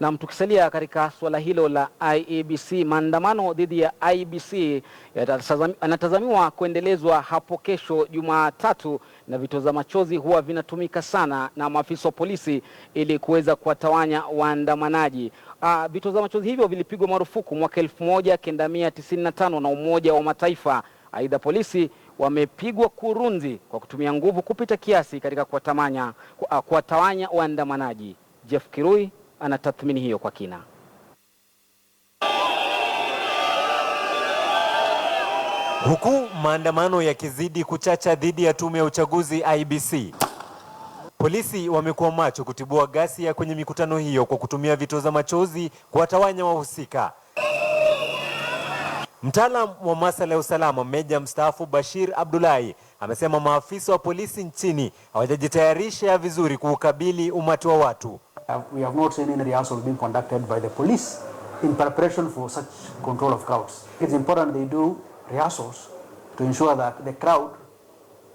Nam, tukisalia katika suala hilo la IEBC, maandamano dhidi ya IEBC yanatazamiwa kuendelezwa hapo kesho Jumatatu, na vitoza machozi huwa vinatumika sana na maafisa wa polisi ili kuweza kuwatawanya waandamanaji. Uh, ah, vitoza machozi hivyo vilipigwa marufuku mwaka 1995 na Umoja wa Mataifa. Aidha, polisi wamepigwa kurunzi kwa kutumia nguvu kupita kiasi katika kuwatawanya waandamanaji. Jeff Kirui anatathmini hiyo kwa kina. Huku maandamano yakizidi kuchacha dhidi ya tume ya uchaguzi ibc polisi wamekuwa macho kutibua ghasia kwenye mikutano hiyo kwa kutumia vitoza machozi kuwatawanya wahusika. Mtaalam wa masuala ya usalama meja mstaafu Bashir Abdullahi amesema maafisa wa polisi nchini hawajajitayarisha vizuri kuukabili umati wa watu uh, we have not seen any rehearsals being conducted by the police in preparation for such control of crowds. It's important they do rehearsals to ensure that the crowd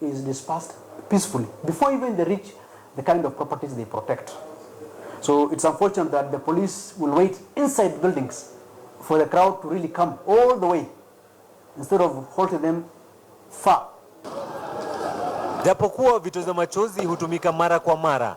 is dispersed peacefully before even they reach the kind of properties they protect. So it's unfortunate that the police will wait inside buildings for the crowd to really come all the way instead of halting them far. Japokuwa vitoza machozi hutumika mara kwa mara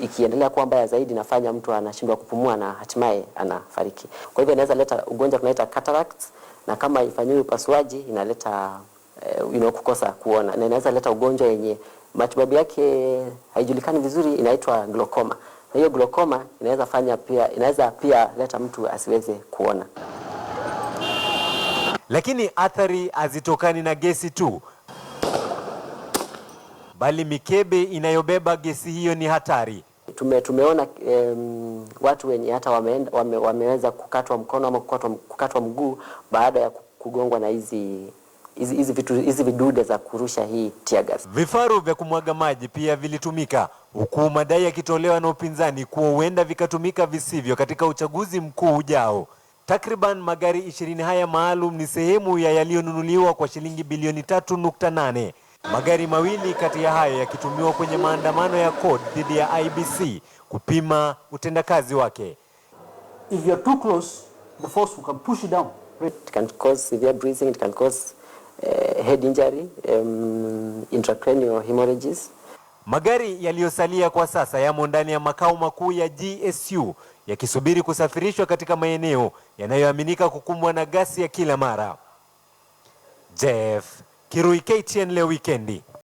ikiendelea kuwa mbaya zaidi inafanya mtu anashindwa kupumua na hatimaye anafariki. Kwa hivyo inaweza leta ugonjwa tunaita cataracts, na kama ifanyiwe upasuaji inaleta eh, you kukosa kuona, na inaweza leta ugonjwa yenye matibabu yake haijulikani vizuri, inaitwa glaucoma, na hiyo glaucoma inaweza fanya pia, inaweza pia leta mtu asiweze kuona. Lakini athari hazitokani na gesi tu bali mikebe inayobeba gesi hiyo ni hatari. Tume, tumeona um, watu wenye hata wameenda, wame, wameweza kukatwa mkono ama kukatwa, kukatwa mguu baada ya kugongwa na hizi hizi vitu hizi vidude za kurusha hii tear gas. Vifaru vya kumwaga maji pia vilitumika huku madai yakitolewa na upinzani kuwa huenda vikatumika visivyo katika uchaguzi mkuu ujao. Takriban magari ishirini haya maalum ni sehemu ya yaliyonunuliwa kwa shilingi bilioni tatu nukta nane Magari mawili kati ya hayo yakitumiwa kwenye maandamano ya CORD dhidi ya IEBC kupima utendakazi wake. If you are too close, the force can push you down. It can cause severe bruising, it can cause uh, head injury, um, intracranial hemorrhages. Magari yaliyosalia kwa sasa yamo ndani ya makao makuu ya GSU yakisubiri kusafirishwa katika maeneo yanayoaminika kukumbwa na gasi ya kila mara. Jeff Kirui KTN leo wikendi.